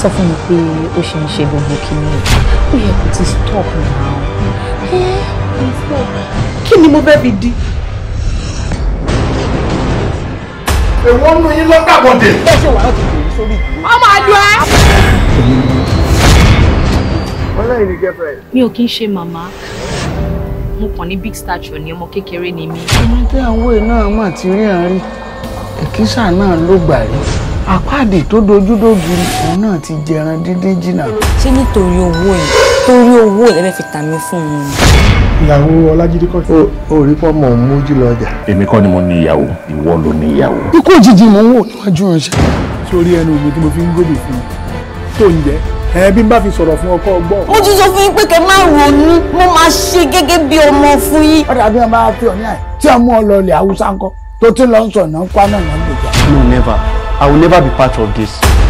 sọ fún mi pé ó ṣe ń ṣe gbogbo kìíní ó yẹ kó ti stop now. kí ni mo fẹ́ fi di. èwo ń nu yín lọ́gbàbọ̀dẹ̀. bẹ́ẹ̀ ṣe wàá ti bèrè sórí. ọmọ àdúrà. ọlọ́yin mi ò kí ń ṣe màmá mo kàn ní big stature ni ọmọ kékeré ni mi. ọmọ tí àwọn èèyàn náà mà ti rí àárín èkìsà náà ló gbà rí àpáàdì tó dojú dojú òun náà ti jẹran dídín jìnnà. ṣé nítorí owó yìí torí owó yìí lẹ́fẹ̀ẹ́ fi mí fún un. ìyàwó ọlájídé kọ́. o rí pọ́ mọ̀ ń mójú lọ ọjà. èmi kọ́ ni mo ní ìyàwó ìwọ ló ní ìyàwó. ikú òjijì mò ń wò níwájú ọjà. sórí ẹnu mi tí mo fi ń gòdì fún un tó ń jẹ ẹbí bá fi sọ̀rọ̀ fún ọkọ gbọ́. mo ti sọ fún yín pé kẹ́ máa ronú mo máa ṣe gẹ́gẹ́ bí ọmọ fún yín. ọ̀dà bí wọn bá fi tí ọmọ ọlọ́ọ̀lẹ̀ haúsá ńkọ́ tó ti lọ sọ̀nà ń náà náà gbèjà. no never I will never be part of this.